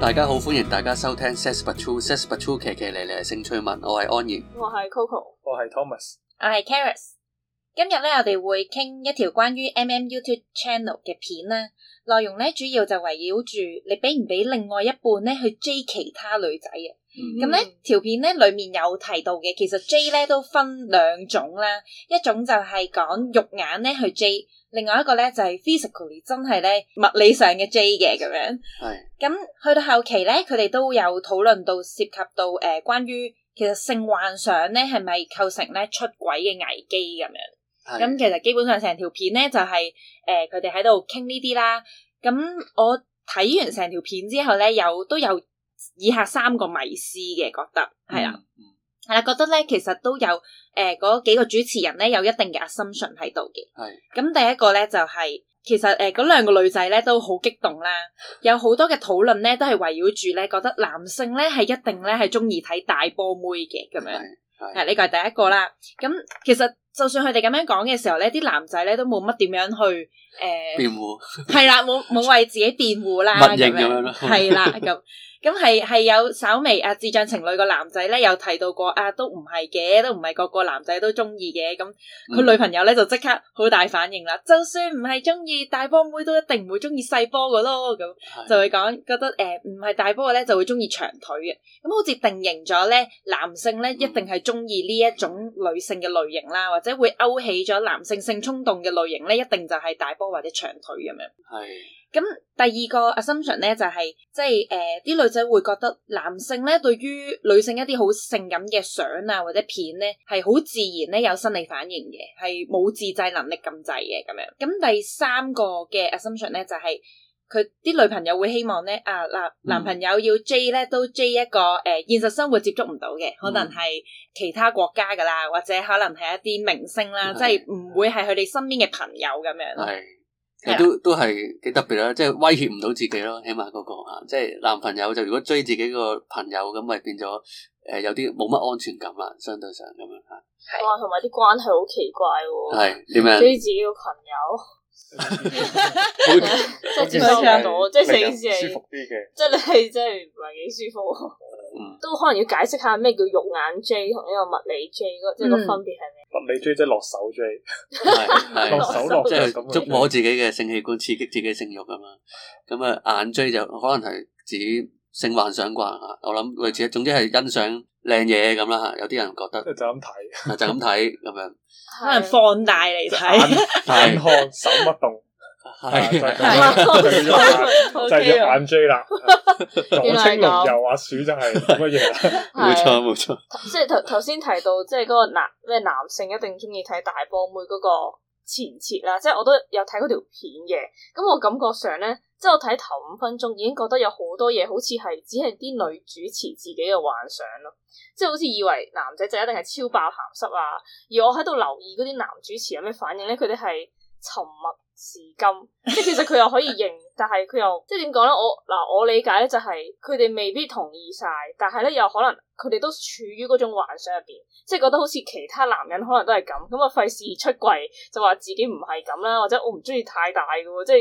大家好，歡迎大家收聽 Says But True，Says But True，騎騎嚟嚟性趣聞，我係安怡，我係 Coco，我係 Thomas，我係 Caris，今日咧，我哋會傾一條關於 MM YouTube channel 嘅片啦。內容咧，主要就圍繞住你俾唔俾另外一半咧去追其他女仔啊。咁咧、mm hmm. 條片咧裏面有提到嘅，其實 J 咧都分兩種啦，一種就係講肉眼咧去 J，另外一個咧就係、是、physically 真係咧物理上嘅 J 嘅咁樣。係、mm。咁、hmm. 去到後期咧，佢哋都有討論到涉及到誒、呃、關於其實性幻想咧係咪構成咧出軌嘅危機咁樣。咁、mm hmm. 其實基本上成條片咧就係誒佢哋喺度傾呢啲啦。咁我睇完成條片之後咧，有都有。都有以下三個迷思嘅覺得係啦，係啦，覺得咧其實都有誒嗰幾個主持人咧有一定嘅 assumption 喺度嘅。係咁，第一個咧就係其實誒嗰兩個女仔咧都好激動啦，有好多嘅討論咧都係圍繞住咧覺得男性咧係一定咧係鍾意睇大波妹嘅咁樣。係呢個係第一個啦。咁其實就算佢哋咁樣講嘅時候咧，啲男仔咧都冇乜點樣去誒辯護，係啦，冇冇為自己辯護啦，咁樣係啦，咁。咁係係有稍微啊智障情侶個男仔咧，有提到過啊，都唔係嘅，都唔係個個男仔都中意嘅。咁佢女朋友咧就即刻好大反應啦。嗯、就算唔係中意大波妹，都一定唔會中意細波嘅咯。咁就會講覺得誒，唔、呃、唔係大波嘅咧，就會中意長腿嘅。咁好似定型咗咧，男性咧一定係中意呢一種女性嘅類型啦，或者會勾起咗男性性衝動嘅類型咧，一定就係大波或者長腿咁樣。係。嗯咁第二個 assumption 咧，就係即係誒，啲女仔會覺得男性咧，對於女性一啲好性感嘅相啊或者片咧，係好自然咧有心理反應嘅，係冇自制能力咁滯嘅咁樣。咁第三個嘅 assumption 咧，就係佢啲女朋友會希望咧，啊男男朋友要追咧，都追一個誒、呃、現實生活接觸唔到嘅，可能係其他國家噶啦，或者可能係一啲明星啦，即係唔會係佢哋身邊嘅朋友咁樣。都都係幾特別啦，即係威脅唔到自己咯，起碼嗰個啊，即係男朋友就如果追自己個朋友咁，咪變咗誒，有啲冇乜安全感啦，相對上咁樣吓。哇，同埋啲關係好奇怪喎。係點樣？追自己個朋友，即係接受舒服啲嘅。即係你係真係唔係幾舒服喎。嗯，都可能要解釋下咩叫肉眼 J 同呢個物理 J 即係個分別係咩？嗯乜你追即係落手追，係 落手落即係咁，觸摸自己嘅性器官， 刺激自己性欲啊嘛。咁啊，眼追就可能係指性幻想啩。我諗類似，總之係欣賞靚嘢咁啦。吓，有啲人覺得 就咁睇，就咁睇咁樣，可能 放大嚟睇，眼 看手勿動。係，就係就係，就係玩 J 啦，左青龍右阿鼠就係乜嘢？冇錯冇錯。即係頭頭先提到，即係個男咩男性一定中意睇大波妹個前設啦。即係 我都有睇條片嘅，咁我感覺上咧，即係我睇頭五分鐘已經覺得有好多嘢好似係只係啲女主持自己嘅幻想咯。即係好似以為男仔就一定係超爆咸濕啊。而我喺度留意啲男主持有咩反應咧，佢哋係。沉默是金，即係其實佢又可以認，但係佢又即係點講咧？我嗱，我理解咧就係佢哋未必同意晒，但係咧又可能佢哋都處於嗰種幻想入邊，即係覺得好似其他男人可能都係咁，咁啊費事出櫃就話自己唔係咁啦，或者我唔中意太大嘅。即係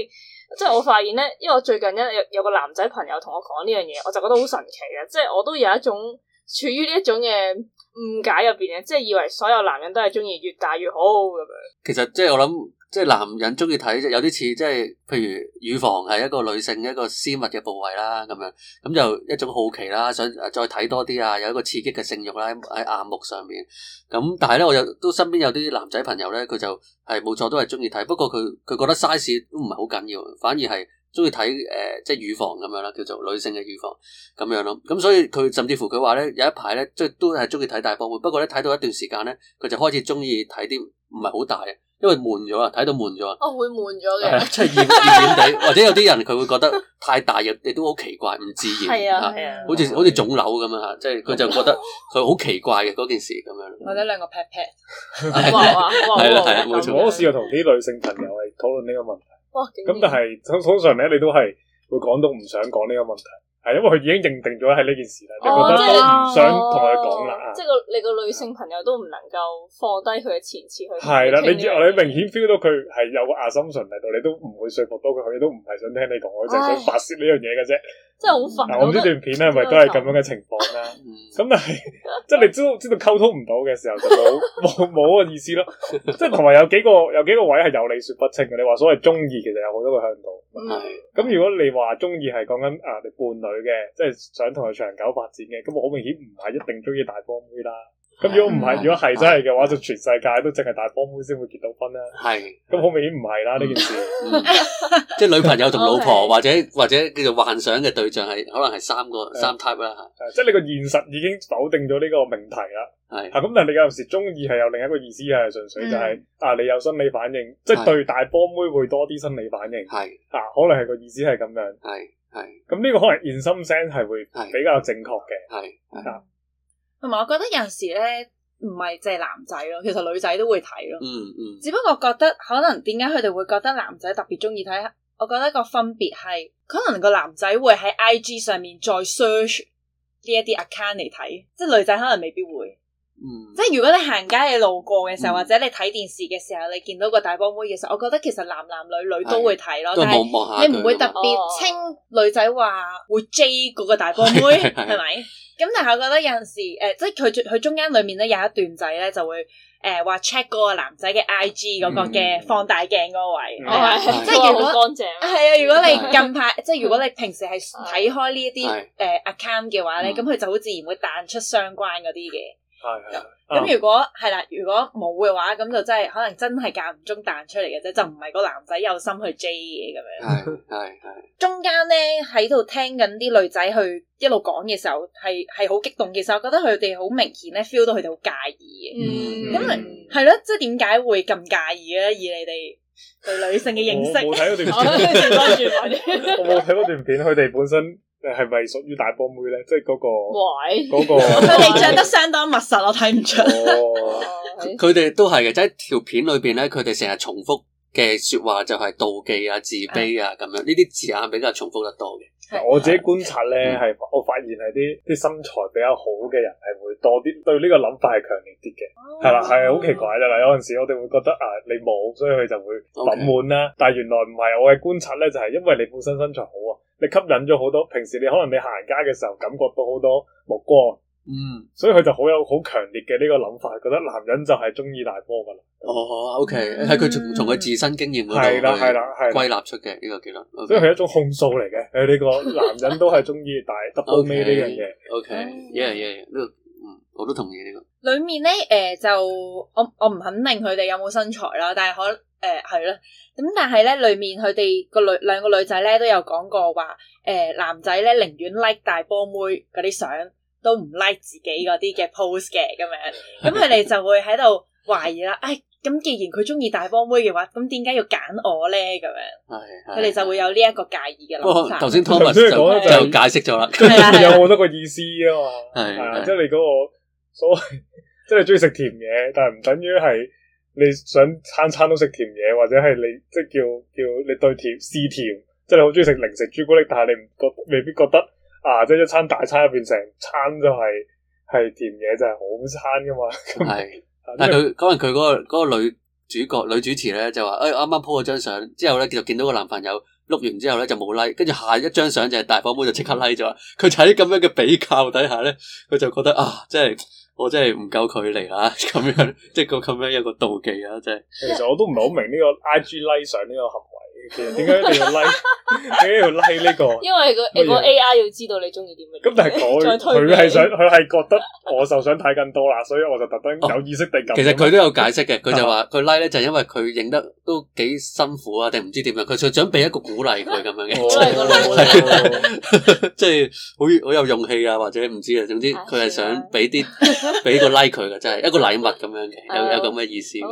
即係我發現咧，因為我最近咧有有個男仔朋友同我講呢樣嘢，我就覺得好神奇嘅，即係我都有一種處於呢一種嘅誤解入邊嘅，即係以為所有男人都係中意越大越好咁樣。其實即係我諗。即係男人中意睇，有啲似即係，譬如乳房係一個女性一個私密嘅部位啦，咁樣咁就一種好奇啦，想再睇多啲啊，有一個刺激嘅性慾啦，喺喺眼目上面。咁但係咧，我有都身邊有啲男仔朋友咧，佢就係冇錯都係中意睇，不過佢佢覺得 size 都唔係好緊要，反而係中意睇誒，即係乳房咁樣啦，叫做女性嘅乳房咁樣咯。咁所以佢甚至乎佢話咧，有一排咧，即係都係中意睇大波妹，不過咧睇到一段時間咧，佢就開始中意睇啲唔係好大嘅。因為悶咗啊，睇到悶咗啊，哦會悶咗嘅，即係熱熱點地，或者有啲人佢會覺得太大亦亦都好奇怪，唔自然，係啊，係啊，好似好似腫瘤咁樣吓，即係佢就覺得佢好奇怪嘅嗰件事咁樣，或者兩個 pat pat，係啦係啦冇錯，我試過同啲女性朋友係討論呢個問題，咁但係通通常咧你都係會講到唔想講呢個問題。係，因為佢已經認定咗係呢件事啦，你覺得唔想同佢講啦。即係個你個女性朋友都唔能夠放低佢嘅前設去。係啦，你知我你明顯 feel 到佢係有個 assumption 喺度，你都唔會說服到佢，佢都唔係想聽你講，淨係想發洩呢樣嘢嘅啫。真係好煩。我呢段片咧，係咪都係咁樣嘅情況啦。咁但係，即係你知知道溝通唔到嘅時候，就冇冇冇個意思咯。即係同埋有幾個有幾個位係有理說不清嘅。你話所謂中意，其實有好多個向度。咁如果你話中意係講緊啊，你半。佢嘅，即係想同佢長久發展嘅，咁我好明顯唔係一定中意大波妹啦。咁如果唔係，如果係真係嘅話，就全世界都淨係大波妹先會結到婚啦。係，咁好明顯唔係啦呢件事。即係女朋友同老婆或者或者叫做幻想嘅對象係可能係三個三 type 啦。即係你個現實已經否定咗呢個命題啦。係。咁，但係你有時中意係有另一個意思，係純粹就係啊，你有生理反應，即係對大波妹會多啲生理反應。係。啊，可能係個意思係咁樣。係。係，咁呢個可能 in some sense 係會比較正確嘅，係。啊同埋，我覺得有陣時咧，唔係淨係男仔咯，其實女仔都會睇咯，嗯，嗯嗯。只不過覺得可能點解佢哋會覺得男仔特別中意睇，我覺得個分別係，可能個男仔會喺 IG 上面再 search 呢一啲 account 嚟睇，即係女仔可能未必會。即係如果你行街你路過嘅時候，或者你睇電視嘅時候，你見到個大波妹嘅時候，我覺得其實男男女女都會睇咯。但係你唔會特別稱女仔話會 J 嗰個大波妹係咪？咁但係我覺得有陣時誒，即係佢佢中間裏面咧有一段仔咧就會誒話 check 嗰個男仔嘅 IG 嗰個嘅放大鏡嗰位，即係好乾淨係啊。如果你近排即係如果你平時係睇開呢一啲誒 account 嘅話咧，咁佢就好自然會彈出相關嗰啲嘅。係，咁、 嗯嗯、如果係啦，如果冇嘅話，咁就真係可能真係間唔中彈出嚟嘅啫，就唔係個男仔有心去 J 嘅咁樣。係係 中間咧喺度聽緊啲女仔去一路講嘅時候，係係好激動時候。其實我覺得佢哋好明顯咧，feel 到佢哋好介意嘅。嗯，咁係咯，即係點解會咁介意咧？以你哋對女性嘅認識，我睇嗰段片， 我冇睇嗰段片，佢哋 本身。 係咪屬於大波妹咧？即係嗰、嗰個，喂嗰個佢哋着得相當密實，我睇唔出。佢哋都係嘅，即係條片裏邊咧，佢哋成日重複嘅說話就係妒忌啊、自卑啊咁樣，呢啲的字眼比較重複得多嘅。的我自己觀察咧，係、嗯、我發現係啲啲身材比較好嘅人係會多啲，對呢個諗法係強烈啲嘅。係啦、哦，係好奇怪嘅啦。有陣時我哋會覺得啊，你冇，所以佢就會諗悶啦。okay. 但係原來唔係，我嘅觀察咧就係、是、因為你本身身材好啊。你吸引咗好多，平時你可能你行街嘅時候，感覺到好多目光，嗯，所以佢就好有好強烈嘅呢個諗法，覺得男人就係中意大波噶啦。哦，好，OK，係佢從從佢自身經驗嗰度去歸納出嘅呢個結論。Okay, 所以係一種控訴嚟嘅。係呢個男人都係中意大 double 呢樣嘢。 OK，一樣一樣，呢個嗯，我都同意。裏面咧，誒、呃，就我我唔肯定佢哋有冇身材啦，但係可，誒、呃，係啦。咁但係咧，裏面佢哋個女兩個女仔咧都有講過話，誒、呃，男仔咧寧願 like 大波妹嗰啲相，都唔 like 自己嗰啲嘅 pose 嘅咁樣。咁佢哋就會喺度懷疑啦，誒、哎，咁既然佢中意大波妹嘅話，咁點解要揀我咧？咁樣、係嗯，佢哋就會有呢一個介意嘅諗法。頭先 Thomas 就解釋咗啦，有好多個意思啊嘛。係，即係嚟到我。所謂即係中意食甜嘢，但係唔等於係你想餐餐都食甜嘢，或者係你即係叫叫你對甜嗜甜，即係你好中意食零食朱古力，但係你唔覺未必覺得啊！即係一餐大餐入邊成餐就係係甜嘢，就係好餐噶嘛。係，但係佢嗰陣佢嗰個嗰個女主角女主持咧就話，誒啱啱鋪咗張相之後咧，就見到個男朋友碌完之後咧就冇 like。」跟住下一張相就係大波妹就即刻 like 咗。佢就喺咁樣嘅比較底下咧，佢就覺得，就覺得啊，即係。哎啊真的真的我真係唔夠佢離啊，咁樣，即係個咁樣一個妒忌啊！真係，其實我都唔係好明呢個 IG like 上呢個行為。點解一定要 like？e 點解要 like 呢個？因為個個 A. I. 要知道你中意點嘅。咁但係佢佢係想佢係覺得我就想睇更多啦，所以我就特登有意識地。其實佢都有解釋嘅，佢就話佢 like 咧，就因為佢影得都幾辛苦啊，定唔知點樣？佢就想俾一個鼓勵佢咁樣嘅，即係好好有勇氣啊，或者唔知啊，總之佢係想俾啲俾個 like 佢嘅，即係一個禮物咁樣嘅，有有咁嘅意思咁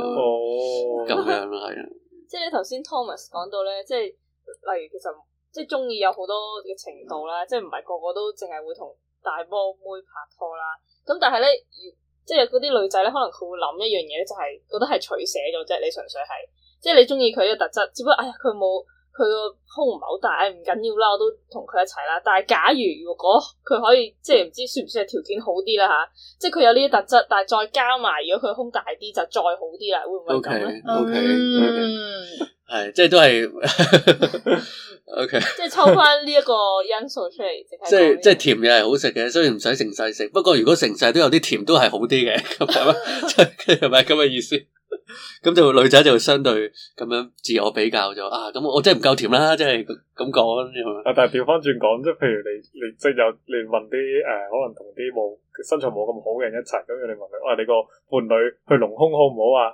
咁樣咯，係啊。即係咧，頭先 Thomas 講到咧，即係例如其實即係中意有好多嘅程度啦，嗯、即係唔係個個都淨係會同大波妹拍拖啦。咁但係咧，即係嗰啲女仔咧，可能佢會諗一樣嘢咧，就係覺得係取捨咗啫。你純粹係即係你中意佢嘅特質，只不過啊，佢、哎、冇。佢個胸唔係好大，唔緊要啦，我都同佢一齊啦。但係假如如果佢可以，即係唔知算唔算係條件好啲啦吓，即係佢有呢啲特質，但係再加埋如果佢胸大啲就再好啲啦，會唔會咁咧？OK，OK，係，即係都係 OK 即。即係抽翻呢一個因素出嚟，即係即係甜嘢係好食嘅，雖然唔使成世食，不過如果成世都有啲甜都係好啲嘅，咁樣即係係咪咁嘅意思？咁就 女仔就相對咁樣自我比較咗啊。咁我真係唔夠甜啦，即係咁講啊？嗯、但係調翻轉講，即係譬如你你即係有，你問啲誒、呃，可能同啲冇身材冇咁好嘅人一齊咁樣，你問佢，你個伴侶去隆胸好唔好啊？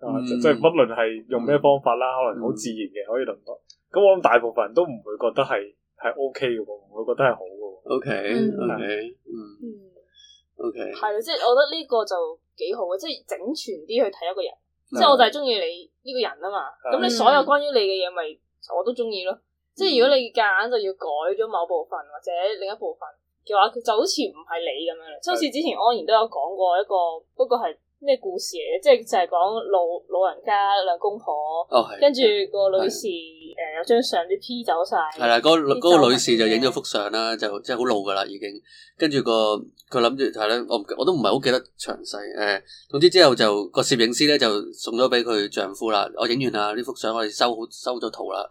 即係、嗯啊就是、不論係用咩方法啦、嗯，可能好自然嘅可以隆到。咁我諗大部分人都唔會覺得係係 O K 嘅，唔會、OK、覺得係好嘅。O K，O K，嗯，O K，係即係，我覺得呢個就。幾好嘅，即係整全啲去睇一個人，的即係我就係中意你呢個人啊嘛，咁的你所有關於你嘅嘢，咪我都中意咯。嗯、即係如果你夾硬就要改咗某部分或者另一部分嘅話，就好似唔係你咁樣啦。即好似之前安然都有講過一個，不過係。咩故事嘅？即係就係講老老人家兩公婆。哦、跟住個女士，誒的、呃，有張相啲 P 走晒。係啦的，嗰嗰、那個、個女士就影咗幅相啦，就即係好老噶啦已經。跟住、那個佢諗住，係咧，我我都唔係好記得詳細。誒、呃，總之之後就、那個攝影師咧就送咗俾佢丈夫啦。我影完啦，呢幅相我哋收好收咗圖啦。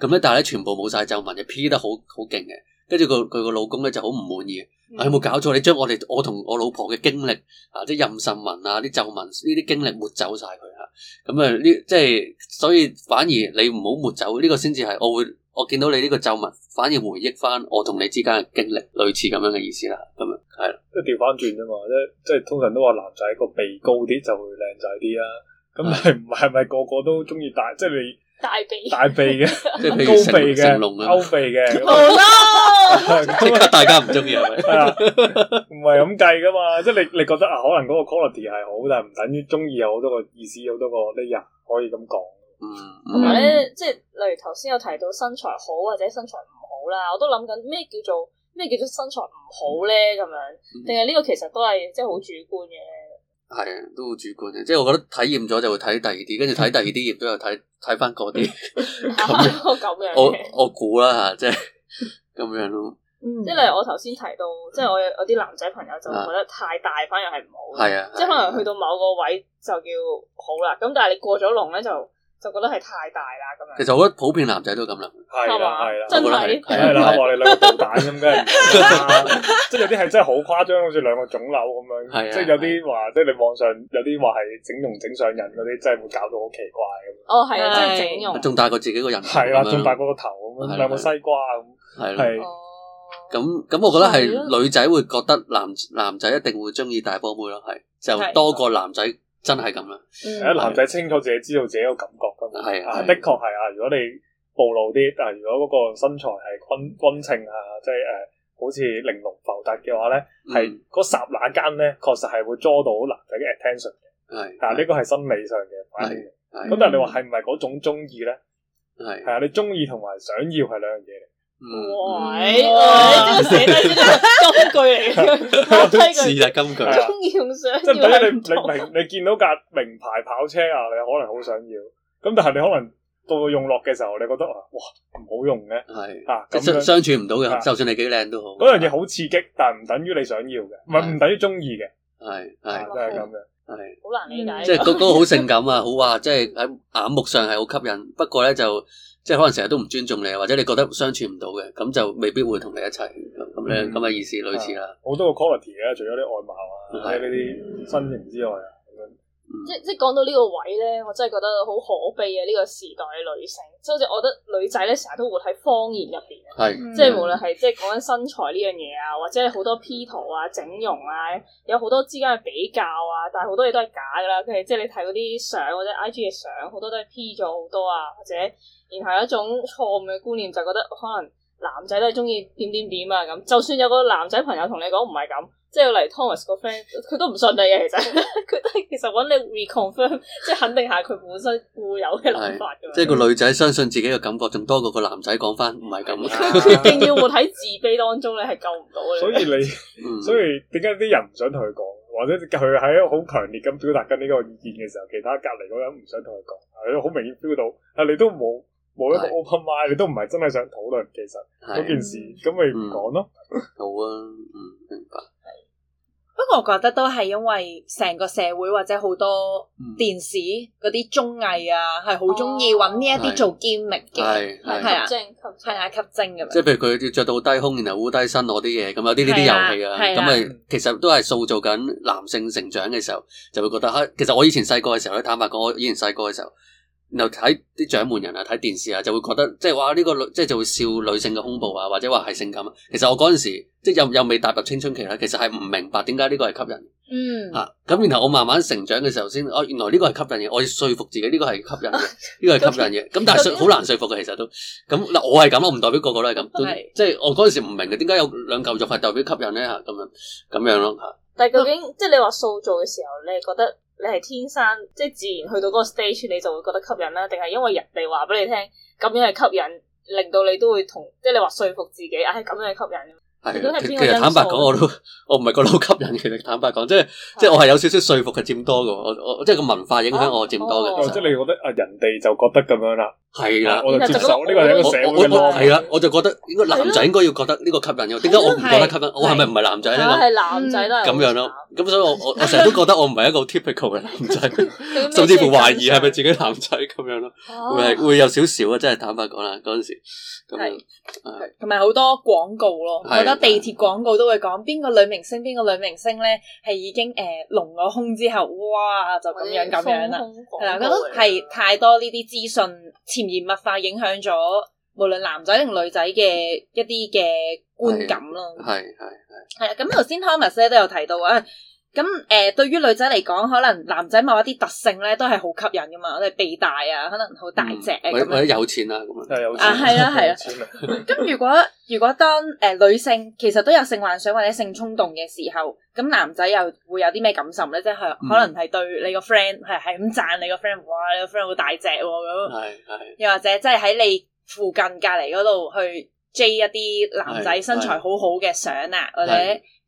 咁咧，但係咧全部冇晒皺紋，就 P 得好好勁嘅。跟住佢佢個老公咧就好唔滿意。啊！有冇搞錯？你將我哋我同我老婆嘅經歷啊，啲妊娠紋啊，啲皺紋呢啲經歷抹走晒佢啊！咁啊，呢、這個、即係所以反而你唔好抹走呢、呢個，先至係我會我見到你呢個皺紋，反而回憶翻我同你之間嘅經歷，類似咁樣嘅意思啦。咁樣係，即係調翻轉啫嘛。即即係通常都話男仔個鼻高啲就會靚仔啲啦。咁係唔係咪個個都中意大？即、就、係、係、你。大鼻大鼻嘅，即係 高鼻嘅的，歐鼻嘅，即 刻大家唔中意咪？啊！唔係咁計噶嘛， 即係你你覺得啊，可能嗰個 quality 係好，但係唔等於中意有好多個意思，好多個 layer、er、可以咁講。嗯，同埋咧，即係例如頭先有提到身材好或者身材唔好啦，我都諗緊咩叫做咩叫做身材唔好咧？咁樣，定係呢個其實都係即係好主觀嘅。係啊，都好主觀嘅，即係我覺得體驗咗就會睇第二啲，跟住睇第二啲亦都有睇睇翻嗰啲咁樣。 啊、樣我 我估啦吓，即係咁樣咯。嗯，即係例如我頭先提到，嗯、即係我有啲男仔朋友就覺得太大反而係唔好，係啊的，即係可能去到某個位就叫好啦。咁但係你過咗龍咧就。我覺得係太大啦，咁樣。其實我覺得普遍男仔都咁啦，係啊，係啦，真係。即我哋你兩個蛋咁嘅，即係有啲係真係好誇張，好似兩個腫瘤咁樣。係即係有啲話，即係你網上有啲話係整容整上癮嗰啲，真係會搞到好奇怪咁。哦，係啊，即係整容，仲大過自己個人，係啊，仲大過個頭咁樣，兩個西瓜咁。係啦，咁咁，我覺得係女仔會覺得男男仔一定會中意大波妹咯，係就多過男仔。真係咁啦，誒、嗯、男仔清楚自己知道自己個感覺噶嘛？係是 啊，的確係啊。嗯、如果你暴露啲，但、啊、係如果嗰個身材係均均稱啊，即係誒好似玲瓏浮凸嘅話咧，係嗰剎那間咧，確實係會捉到男仔嘅 attention 嘅。係，但呢個係心理上嘅反應。咁但係你話係唔係嗰種中意咧？係的，係啊，你中意同埋想要係兩樣嘢嚟。喂，呢個寫低啲金句嚟嘅，寫低句。是啦，金句。中意用上，即係睇下你明唔明？你見到架名牌跑車啊，你可能好想要。咁但係你可能到用落嘅時候，你覺得啊，哇，唔好用嘅。係啊，即係相處唔到嘅。就算你幾靚都好，嗰樣嘢好刺激，但係唔等於你想要嘅，唔係唔等於中意嘅。係係，真係咁嘅。係好難理解。即係嗰嗰個好性感啊，好話，即係喺眼目上係好吸引。不過咧就。即係可能成日都唔尊重你，或者你覺得相處唔到嘅，咁就未必會同你一齊，咁咧、嗯，咁嘅意思類似啦。好、啊、多個 quality 嘅、啊，除咗啲外貌啊，或者啲身形之外啊。即即講到呢個位咧，我真係覺得好可悲啊！呢個時代嘅女性，即好似我覺得女仔咧成日都活喺謊言入邊啊，即無論係即講緊身材呢樣嘢啊，或者係好多 P 圖啊、整容啊，有好多之間嘅比較啊，但係好多嘢都係假㗎啦。佢哋即你睇嗰啲相或者 IG 嘅相，好多都係 P 咗好多啊，或者然後有一種錯誤嘅觀念就覺得可能男仔都係中意點點點啊咁，就算有個男仔朋友同你講唔係咁。即係嚟 Thomas 個 friend，佢都唔信你嘅，其實佢都其實揾你 reconfirm，即係肯定下佢本身固有嘅諗法。即係個女仔相信自己嘅感覺，仲多過個男仔講翻，唔係咁。佢一定要活喺自卑當中，你係救唔到嘅。所以你，所以點解啲人唔想同佢講，或者佢喺好強烈咁表達緊呢個意見嘅時候，其他隔離嗰人唔想同佢講，係好明顯 feel 到，啊你都冇冇一個 open mind，你都唔係真係想討論其實嗰件事，咁咪唔講咯。好啊，嗯，明白。不過我覺得都係因為成個社會或者好多電視嗰啲綜藝啊，係好中意搵呢一啲做 gimmick 嘅，吸精係啊吸精咁樣。即係譬如佢着到低胸，然後烏低身嗰啲嘢，咁有啲呢啲遊戲啊，咁啊，啊其實都係塑造緊男性成長嘅時候，就會覺得，其實我以前細個嘅時候，我坦白講，我以前細個嘅時候。然後睇啲掌門人啊，睇電視啊，就會覺得即係哇，呢、呢個女即係就會笑女性嘅胸部啊，或者話係性感啊。其實我嗰陣時即係又又未踏入青春期啦，其實係唔明白點解呢個係吸引。嗯，啊咁，然後我慢慢成長嘅時候先哦，原來呢個係吸引嘢，我要說服自己呢、呢個係吸引，嘅、啊。呢、嗯、個係吸引嘢。咁、嗯嗯、但係好、嗯嗯、難說服嘅，其實都咁嗱，我係咁，我唔代表個個都係咁，是都即係我嗰陣時唔明嘅，點解有兩嚿肉係代表吸引咧？吓咁樣咁樣咯吓。啊、但係究竟即係你話塑造嘅時候，你係覺得？啊啊啊你係天生即係自然去到嗰個 stage，你就會覺得吸引啦，定係因為人哋話俾你聽咁樣係吸引，令到你都會同即係你話說、說服自己，唉、啊、咁樣係吸引。係的，其實坦白講，我都我唔係覺得好吸引嘅。其實坦白講，即係即係我係有少少說服嘅佔多嘅。我我即係個文化影響我佔多嘅、啊。哦，哦即係你覺得啊，人哋就覺得咁樣啦。係啦，啊、我就接受呢個係一個社會我。我我我係啦，我就覺得應該男仔應該要覺得呢個吸引。點解我唔覺得吸引？我係咪唔係男仔咧？咁、啊嗯、樣咯，咁、啊、所以我我我成日都覺得我唔係一個 typical 嘅男仔， 甚至乎懷疑係咪自己男仔咁樣咯、啊啊？會係會有少少啊？真係坦白講啦，嗰陣時咁同埋好多廣告咯，好多、啊、地鐵廣告都會講邊個女明星，邊個女明星咧係已經誒隆咗胸之後，哇！就咁樣咁樣啦，係啦、哎，覺得係太多呢啲資訊而物化影響咗無論男仔定女仔嘅一啲嘅觀感咯，係係係係啊！咁頭先 Thomas 咧都有提到啊。咁誒，對於女仔嚟講，可能男仔某一啲特性咧，都係好吸引㗎嘛，例如鼻大啊，可能好大隻，或者有錢啦咁樣，係有錢啊，啊係啦係啦，咁如果如果當誒女性其實都有性幻想或者性衝動嘅時候，咁男仔又會有啲咩感受咧？即係可能係對你個 friend 係係咁讚你個 friend，哇！你個 friend 好大隻咁，係又或者即係喺你附近隔離嗰度去 J 一啲男仔身材好好嘅相啊，或者。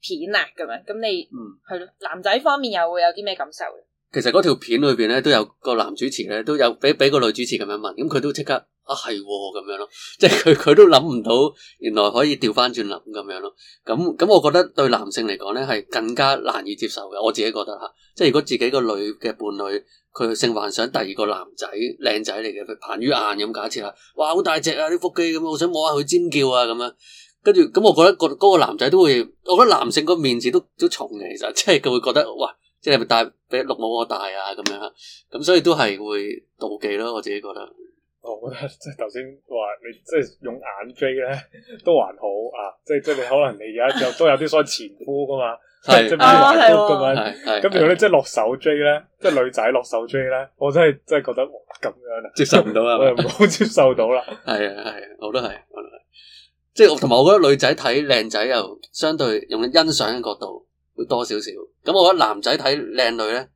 片啊咁樣，咁你係咯、嗯、男仔方面又會有啲咩感受？其實嗰條片裏邊咧都有個男主持咧，都有俾俾個女主持咁樣問，咁佢都即刻啊係咁、哦、樣咯，即係佢佢都諗唔到，原來可以調翻轉諗咁樣咯。咁咁，我覺得對男性嚟講咧係更加難以接受嘅。我自己覺得吓，即係如果自己個女嘅伴侶佢性幻想第二個男仔靚仔嚟嘅，佢彭于晏咁假設啦，哇！好大隻啊啲腹肌咁，我想摸下佢，尖叫啊咁樣。跟住咁，我覺得個嗰個男仔都會，我覺得男性個面子都都重嘅，其實即係佢會覺得，哇！即係係咪戴俾綠帽我戴啊？咁樣咁，所以都係會妒忌咯。我自己覺得，我覺得即係頭先話你即係用眼追咧都還好啊！即係即係你可能你而家就都有啲所謂前夫噶嘛，即係係冇埋骨噶嘛。咁如果咧即係落手追咧，即係女仔落手追咧，我真係真係覺得哇咁樣啊！接受唔到啊！我好接受到啦。係啊係我都係。即係我同埋，我覺得女仔睇靚仔又相對用欣賞嘅角度會多少少。咁我覺得男仔睇靚女咧，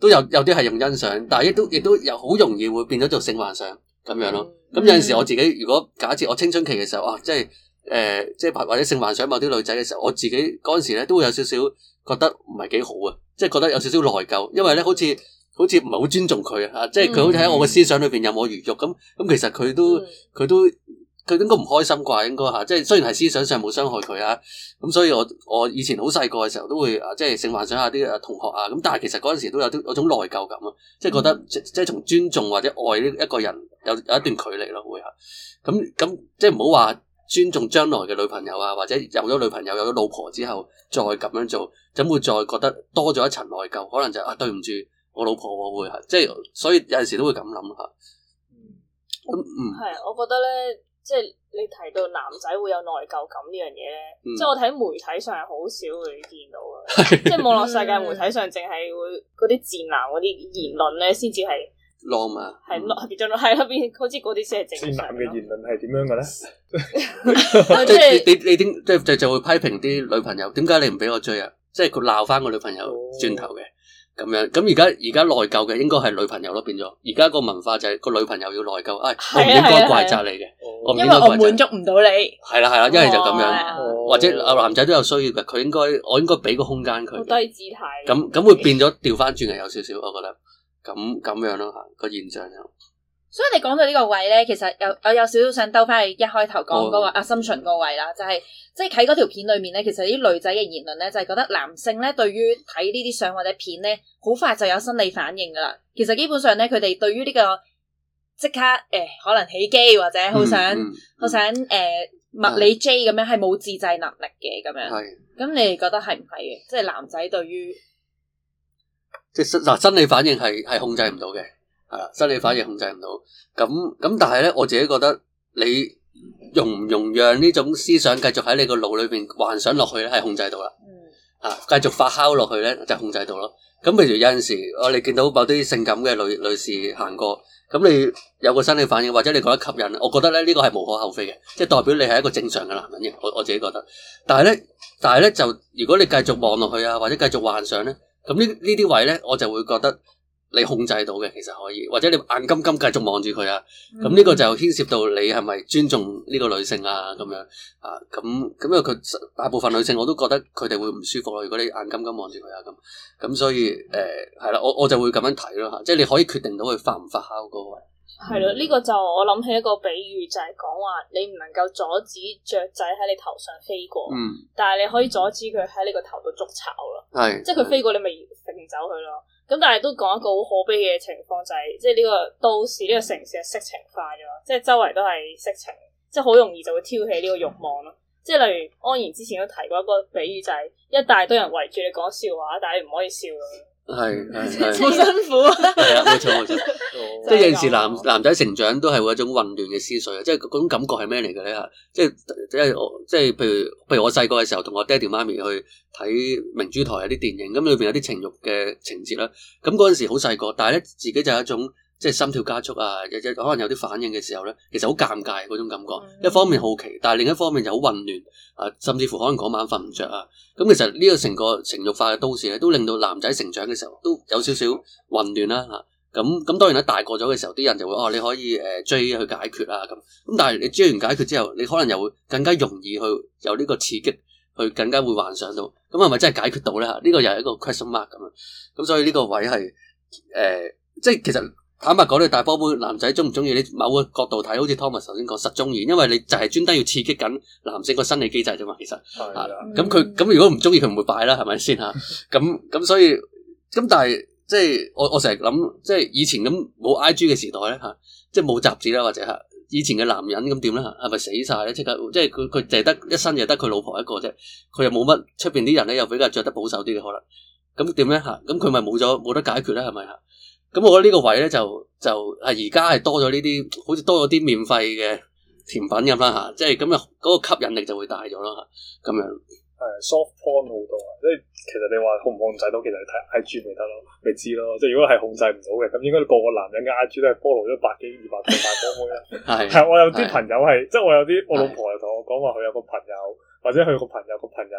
都有有啲係用欣賞，但係亦都亦都又好容易會變咗做性幻想咁樣咯。咁有陣時我自己，如果假設我青春期嘅時候啊，即係誒、呃，即係或或者性幻想某啲女仔嘅時候，我自己嗰陣時咧都會有少少覺得唔係幾好啊，即係覺得有少少內疚，因為咧好似好似唔係好尊重佢啊，即係佢好似喺我嘅思想裏邊任我魚肉咁咁，其實佢都佢都。嗯佢應該唔開心啩，應該吓，即係雖然係思想上冇傷害佢啊，咁所以我我以前好細個嘅時候都會啊，即係性幻想一下啲啊同學啊，咁但係其實嗰陣時都有啲有種內疚感啊，即係覺得即係從尊重或者愛呢一個人有有一段距離咯，會吓，咁、啊、咁即係唔好話尊重將來嘅女朋友啊，或者有咗女朋友有咗老婆之後再咁樣做，怎會再覺得多咗一層內疚，可能就是、啊對唔住我老婆，我會吓，即係所以有陣時都會咁諗吓，嗯，係，我覺得咧。即係你提到男仔會有內疚感呢樣嘢咧，嗯、即係我睇媒體上係好少會見到啊。的即係網絡世界媒體上淨係會嗰啲賤男嗰啲言論咧，先至係浪 o n g 啊，係 long 係咯變，好似嗰啲先係正常嘅言論係點樣嘅咧？即係你你點即係就就，就，就，就會批評啲女朋友？點解你唔俾我追啊？即係佢鬧翻個女朋友轉頭嘅。嗯咁樣，咁而家而家內疚嘅應該係女朋友咯，變咗。而家個文化就係個女朋友要內疚，啊的、哎，我唔應該怪責你嘅，我唔應該怪責你因滿你。因為我滿足唔到你。係啦係啦，因為就咁樣，哦、或者男仔都有需要嘅，佢應該我應該俾個空間佢。低姿態。咁咁會變咗調翻轉嚟，有少少，我覺得。咁咁樣咯吓，個現象就。所以你講到呢個位咧，其實有我有少少想兜翻去一開頭講嗰個 assumption、oh. s u 個位啦，就係即係喺嗰條片裏面咧，其實啲女仔嘅言論咧，就係、是、覺得男性咧對於睇呢啲相或者片咧，好快就有生理反應噶啦。其實基本上咧，佢哋對於呢、這個即刻誒、欸、可能起機或者好想好、mm hmm. 想誒、欸、物理 J 咁樣，係冇、mm hmm. 自制能力嘅咁樣。係咁、mm，hmm. 是你哋覺得係唔係嘅？即、就、係、是、男仔對於即係嗱生理反應係係控制唔到嘅。係啦、啊，生理反應控制唔到，咁咁但係咧，我自己覺得你容唔容讓呢種思想繼續喺你個腦裏邊幻想落去咧，係控制到啦。嗯。啊，繼續發酵落去咧，就控制到咯。咁譬如有陣時，我哋見到某啲性感嘅女女士行過，咁你有個生理反應，或者你覺得吸引，我覺得咧呢、呢個係無可厚非嘅，即係代表你係一個正常嘅男人嘅。我我自己覺得，但係咧，但係咧就如果你繼續望落去啊，或者繼續幻想咧，咁呢呢啲位咧，我就會覺得。你控制到嘅，其實可以，或者你眼金金繼續望住佢啊，咁呢個就牽涉到你係咪尊重呢個女性啊咁樣啊？咁咁因為佢大部分女性我都覺得佢哋會唔舒服咯，如果你眼金金望住佢啊咁，咁所以誒係啦，我我就會咁樣睇咯吓，即係你可以決定到佢發唔發酵嗰個位。係啦，呢個就我諗起一個比喻，就係講話你唔能夠阻止雀仔喺你頭上飛過，嗯，但係你可以阻止佢喺你個頭度捉巢咯，係，即係佢飛過你咪掟走佢咯。咁但係都講一個好可悲嘅情況就係、是這個，即係呢個都市呢個城市係色情化咗，即係周圍都係色情，即係好容易就會挑起呢個慾望咯。即係例如安然之前都提過一個比喻，就係、是、一大堆人圍住你講笑話，但係唔可以笑咯。係係好辛苦，係啊，冇錯冇錯，即有陣時男男仔成長都係會有一種混亂嘅思緒啊，即係嗰種感覺係咩嚟嘅咧吓，即係即係我即係、就是、譬如譬如我細個嘅時候同我爹地媽咪去睇明珠台有啲電影，咁裏面有啲情欲嘅情節啦，咁嗰陣時好細個，但係咧自己就係一種。即係心跳加速啊！有有可能有啲反應嘅時候咧，其實好尷尬嗰種感覺。啊、一方面好奇，但係另一方面就好混亂啊！甚至乎可能嗰晚瞓唔着啊。咁其實個呢個成個成熟化嘅都市咧，都令到男仔成長嘅時候都有少少混亂啦嚇。咁咁、啊啊啊、當然咧，大個咗嘅時候，啲人就會哦，oh, 你可以誒追去解決啊咁。咁但係你追完解決之後，你可能又會更加容易去有呢個刺激，去更加會幻想到。咁係咪真係解決到咧？呢、這個又係一個 question mark 咁啊。咁所以呢個位係誒，即係其實。坦白講，你大波波男仔中唔中意？你某個角度睇，好似 Thomas 頭先講，實中意，因為你就係專登要刺激緊男性個生理機製啫嘛。其實，係啦的。咁佢咁如果唔中意，佢唔會擺啦，係咪先吓？咁咁 所以咁但係即係我我成日諗，即係以前咁冇 IG 嘅時代咧吓，即係冇雜誌啦，或者吓以前嘅男人咁點咧吓？係咪死晒咧？即係即係佢佢淨係得一身，又得佢老婆一個啫，佢又冇乜出邊啲人咧，又比較着得保守啲嘅可能。咁點咧吓？咁佢咪冇咗冇得解決咧？係咪吓？咁我覺得呢個位咧就就啊而家係多咗呢啲好似多咗啲免費嘅甜品咁啦吓，即係咁啊嗰個吸引力就會大咗啦。吓，咁樣係 soft porn 好多啊，即係其實你話控唔控制到？其實睇 IG 咪得咯，咪知咯。即係如果係控制唔到嘅，咁應該個個男人嘅 IG 都係 follow 咗百幾二百個大波妹啊。係 是， 我有啲朋友係，即係是我有啲是我老婆又同我講話，佢是有個朋友。或者佢個朋友個朋友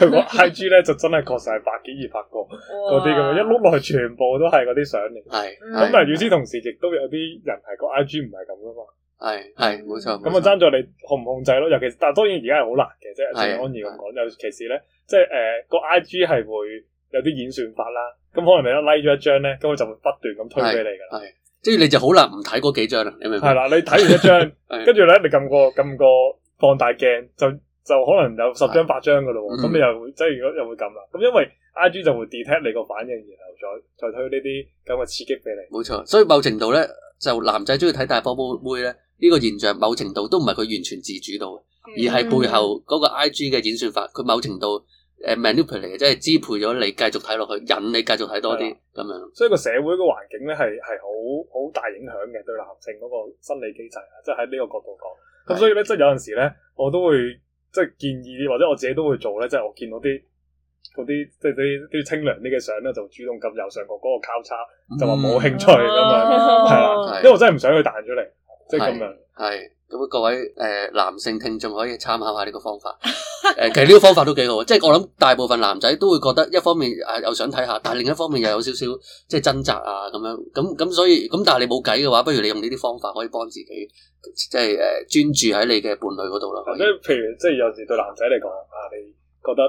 佢個 I G 咧就真係確實係百幾二百個嗰啲咁樣，一碌落去全部都係嗰啲相嚟，咁是但係與之同時亦都有啲人係個 I G 唔係咁噶嘛。係係冇錯，咁啊爭咗你控唔控制咯，尤其是但係當然而家係好難嘅，即係正如安怡咁講，尤其是咧即係誒個 I G 係會有啲演算法啦，咁可能你一拉、like、咗一張咧，咁佢就會不斷咁推俾你噶啦，即係、就是、你就好難唔睇嗰幾張啦，你明唔明？係啦，你睇完一張，跟住咧你撳個撳個放大鏡就。就可能有十張八張噶咯，咁的、嗯、你又會即係如果又會咁啦。咁因為 I G 就會 detect 你個反應，然後再再推呢啲咁嘅刺激俾你。冇錯，所以某程度咧，就男仔中意睇大波波妹咧，呢、這個現象某程度都唔係佢完全自主到，嘅、嗯，而係背後嗰個 I G 嘅演算法，佢某程度誒 manipulate 即係支配咗你繼續睇落去，引你繼續睇多啲咁的樣。所以個社會個環境咧係係好好大影響嘅，對男性嗰個心理機制，即係喺呢個角度講。咁所以咧，的即係有陣時咧，我都會。即係建議啲，或者我自己都會做咧。即係我見到啲啲即係啲啲清涼啲嘅相咧，就主動撳右上角嗰個交叉，嗯、就話冇興趣咁樣，係啦吧，是因為我真係唔想佢彈出嚟，即係咁樣係。各位、呃、男性聽眾可以參考下呢個方法，呃、其實呢個方法都幾好，即係我諗大部分男仔都會覺得一方面又想睇下，但另一方面又有少少即係掙扎啊咁樣，咁、嗯嗯、所以咁但係你冇計嘅話，不如你用呢啲方法可以幫自己，即係、呃、專注喺你嘅伴侶嗰度啦。或者譬如即係有時對男仔嚟講你覺得，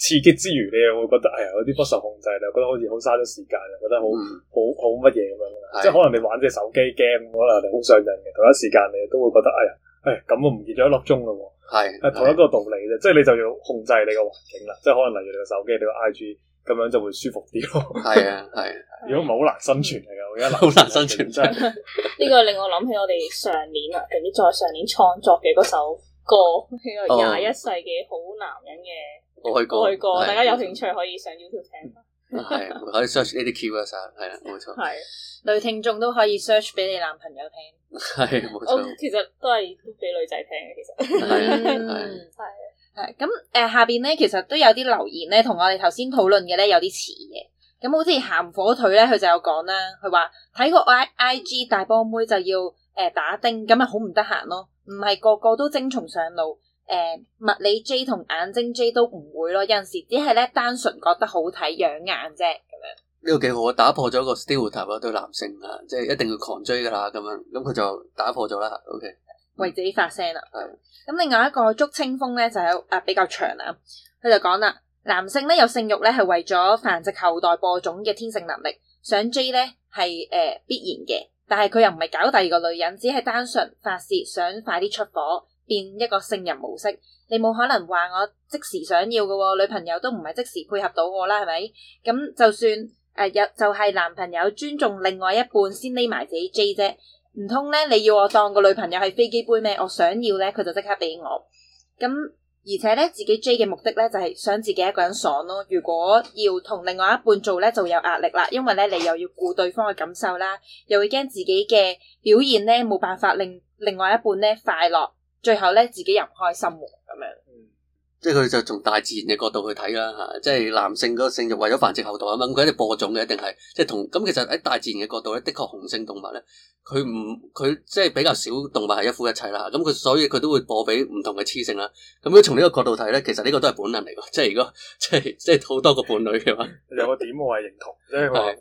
刺激之餘，你又會覺得哎呀，有啲不受控制，就覺得好似好嘥咗時間，嗯、覺得好好好乜嘢咁樣。嗯、即係可能你玩隻手機 game，可能你好上癮嘅。同一時間你都會覺得哎呀，哎咁我唔見咗一粒鐘咯。係、嗯，係同一個道理啫。嗯、即係你就要控制你個環境啦。即係可能例如你個手機、你個 I G 咁樣，就會舒服啲咯。係啊、嗯，係啊。如果唔係好難生存嚟噶，我而家好難生存真係。呢 個令我諗起我哋上年啊，甚至再上年創作嘅嗰首歌，呢 個廿一世紀好男人嘅。我去過，大家有興趣可以上 YouTube 聽。係可以 search 呢啲 Q 啊，實係啦，冇錯。係女聽眾都可以 search 俾你男朋友聽，係冇錯。其實都係俾女仔聽嘅，其實係係係咁誒，下邊咧其實都有啲留言咧，同我哋頭先討論嘅咧有啲似嘅。咁好似鹹火腿咧，佢就有講啦，佢話睇個 IG 大波妹就要誒打丁，咁咪好唔得閒咯，唔係個個都精蟲上腦。誒、嗯、物理 J 同眼睛 J 都唔會咯，有陣時只係咧單純覺得好睇養眼啫咁樣。呢個幾好啊，打破咗一個 stereotype 對男性啊，即係一定要狂追噶啦咁樣，咁佢就打破咗啦。OK，為自己發聲啦。係、嗯，咁另外一個竹清風咧就喺啊比較長啊，佢就講啦，男性咧有性欲咧係為咗繁殖後代、播種嘅天性能力，想 J 咧係誒必然嘅，但係佢又唔係搞第二個女人，只係單純發泄，想快啲出火。變一個聖人模式，你冇可能話我即時想要嘅喎、哦，女朋友都唔係即時配合到我啦，係咪？咁就算誒、呃、有，就係、是、男朋友尊重另外一半先匿埋自己 j 啫。唔通咧，你要我當個女朋友係飛機杯咩？我想要咧，佢就即刻俾我。咁而且咧，自己 j 嘅目的咧就係、是、想自己一個人爽咯。如果要同另外一半做咧，就有壓力啦，因為咧你又要顧對方嘅感受啦，又會驚自己嘅表現咧冇辦法令另外一半咧快樂。最後咧，自己又唔開心喎，咁樣嗯性性。嗯，即係佢就從大自然嘅角度去睇啦，吓，即係男性嗰個性就為咗繁殖後代啊嘛，咁佢一定播種嘅，一定係即係同咁。其實喺大自然嘅角度咧，的確雄性動物咧，佢唔佢即係比較少動物係一夫一妻啦，咁、嗯、佢所以佢都會播俾唔同嘅雌性啦。咁佢從呢個角度睇咧，其實呢個都係本能嚟噶，即係如果即係即係好多個伴侶嘅話， 有個點我係認同，即係話。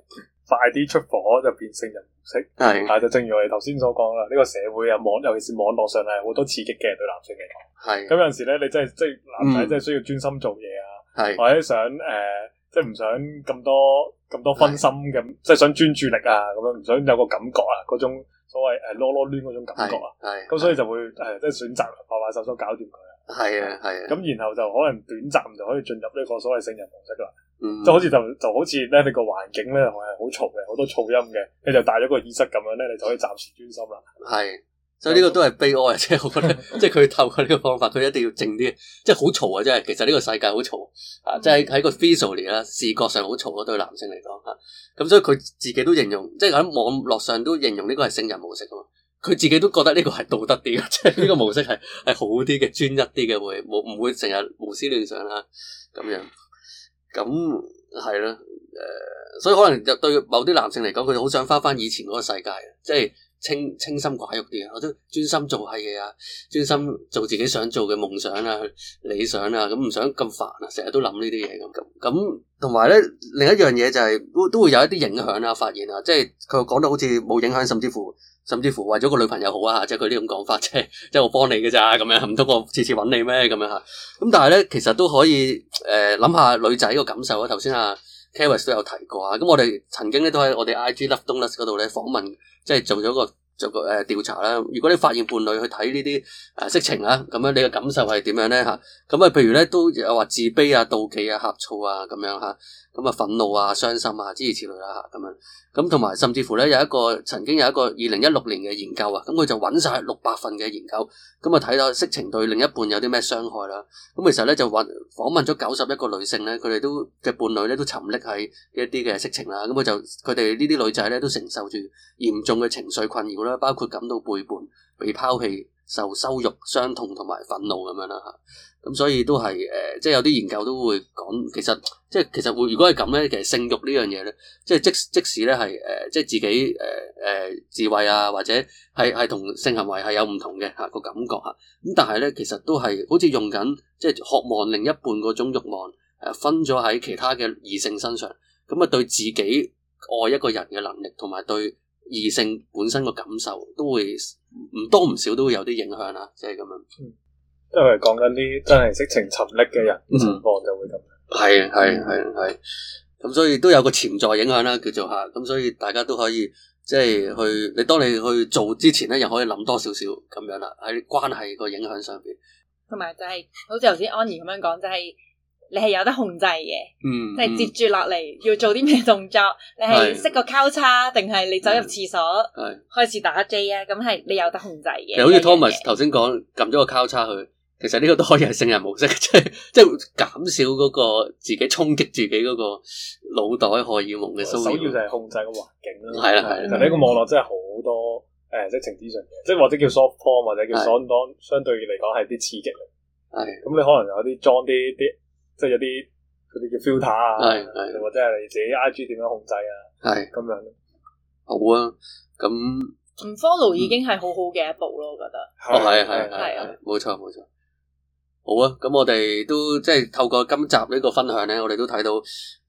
快啲出火就變聖人模式，係，啊就正如我哋頭先所講啦，呢個社會啊網，尤其是網絡上係好多刺激嘅對男性嚟講，係。咁有陣時咧，你真係即係男仔真係需要專心做嘢啊，係，或者想誒，即係唔想咁多咁多分心咁，即係想專注力啊，咁樣唔想有個感覺啊，嗰種所謂誒囉囉攣嗰種感覺啊，係。咁所以就會誒即係選擇快快手手搞掂佢，係啊係。咁然後就可能短暫就可以進入呢個所謂聖人模式㗎。即係好似就就好似咧，你個環境咧係好嘈嘅，好多噪音嘅，你就帶咗個耳塞咁樣咧，你就可以暫時專心啦。係，所以呢個都係悲哀嘅，即係我覺得，即係佢透過呢個方法，佢一定要靜啲，即係好嘈啊，即係其實呢個世界好嘈啊，即係喺個 visuality 啦，視覺上好嘈啊，對男性嚟講吓。咁所以佢自己都形容，即係喺網絡上都形容呢個係聖人模式啊嘛。佢自己都覺得呢個係道德啲嘅，即係呢個模式係係好啲嘅，專一啲嘅，會冇唔會成日胡思亂想啦咁樣。咁係咯，誒、呃，所以可能就對某啲男性嚟講，佢就好想翻翻以前嗰個世界，即係。清清心寡欲啲啊，我都專心做下嘢啊，專心做自己想做嘅夢想啊、理想啊。咁唔想咁煩啊，成日都諗呢啲嘢咁咁。咁同埋咧，另一樣嘢就係都都會有一啲影響啊，發現啊，即係佢講得好似冇影響，甚至乎甚至乎為咗個女朋友好啊，即係佢呢種講法，即係即係我幫你嘅咋咁樣，唔通我次次揾你咩咁樣嚇？咁但係咧，其實都可以誒諗下女仔個感受啊。頭先啊，Karis 都有提過啊。咁我哋曾經咧都喺我哋 IG Love Donuts 嗰度咧訪問。即係做咗個做個誒、呃、調查啦。如果你發現伴侶去睇呢啲誒色情啊，咁樣你嘅感受係點樣咧？嚇，咁啊，譬如咧都有話自卑啊、妒忌啊、呷醋啊咁樣嚇、啊。咁啊，憤怒啊，傷心啊，諸如此類之類啦咁樣咁，同埋甚至乎咧，有一個曾經有一個二零一六年嘅研究啊，咁、嗯、佢就揾晒六百份嘅研究，咁啊，睇到色情對另一半有啲咩傷害啦，咁、嗯、其實咧就揾訪問咗九十一個女性咧，佢哋都嘅伴侶咧都沉溺喺一啲嘅色情啦、啊，咁、嗯、佢就佢哋呢啲女仔咧都承受住嚴重嘅情緒困擾啦，包括感到背叛、被拋棄。受羞辱、傷痛同埋憤怒咁樣啦嚇，咁、嗯、所以都係誒、呃，即係有啲研究都會講，其實即係其實會，如果係咁咧，其實性慾呢樣嘢咧，即係即即使咧係誒，即係、呃、自己誒誒自慰啊，或者係係同性行為係有唔同嘅嚇個感覺嚇，咁但係咧其實都係好似用緊即係渴望另一半嗰種慾望，誒、啊、分咗喺其他嘅異性身上，咁啊對自己愛一個人嘅能力同埋對。異性本身個感受都會唔多唔少都會有啲影響啦，即係咁樣、嗯。因為講緊啲真係色情沉溺嘅人、嗯、情況就會咁。係係係係，咁所以都有個潛在影響啦，叫做吓。咁所以大家都可以即係、就是、去，你當你去做之前咧，又可以諗多少少咁樣啦，喺關係個影響上邊。同埋就係、是，好似頭先安兒咁樣講，就係、是。你係有得控制嘅，即係接住落嚟要做啲咩動作？你係識個交叉定係你走入廁所開始打 J 啊？咁係你有得控制嘅。又好似 Thomas 頭先講撳咗個交叉去，其實呢個都可以係聖人模式，即係即係減少嗰個自己衝擊自己嗰個腦袋荷爾蒙嘅騷擾。首要就係控制個環境啦。係啦係啦，其實呢個網絡真係好多誒，即係色情資訊，即係或者叫 soft porn 或者叫相當相對嚟講係啲刺激嘅。係咁，你可能有啲裝啲啲。即係有啲嗰啲叫 filter 啊，或者係你自己 IG 點樣控制啊，係咁是樣，好啊，咁唔 follow 已經係好好嘅一步咯，嗯、我覺得哦係啊係啊係啊，冇、啊、錯冇錯，好啊，咁我哋都即係透過今集呢個分享咧，我哋都睇到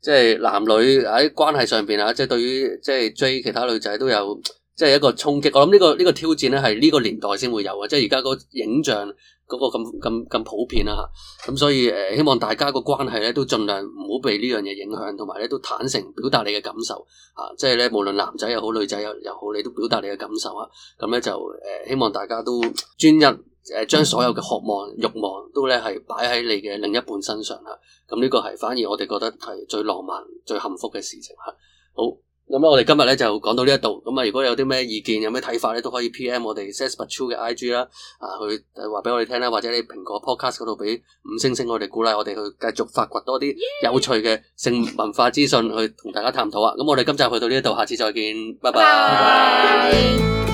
即係男女喺關係上邊啊，即係對於即係追其他女仔都有即係一個衝擊，我諗呢、這個呢、這個這個挑戰咧係呢個年代先會有啊，即係而家個影像。嗰個咁咁咁普遍啦，咁所以誒、呃、希望大家個關係咧都盡量唔好被呢樣嘢影響，同埋咧都坦誠表達你嘅感受，啊，即係咧無論男仔又好，女仔又又好，你都表達你嘅感受啊。咁咧就誒、呃、希望大家都專一，誒、啊、將所有嘅渴望、慾望都咧係擺喺你嘅另一半身上啦。咁、啊、呢個係反而我哋覺得係最浪漫、最幸福嘅事情嚇、啊。好。咁我哋今日咧就講到呢一度。咁啊，如果有啲咩意見、有咩睇法咧，都可以 P.M. 我哋 Sasparco 嘅 I.G. 啦，啊，去話俾我哋聽啦，或者你蘋果 Podcast 度俾五星星，我哋鼓勵我哋去繼續發掘多啲有趣嘅性文化資訊去同大家探討啊。咁我哋今集去到呢度，下次再見，拜拜。Bye.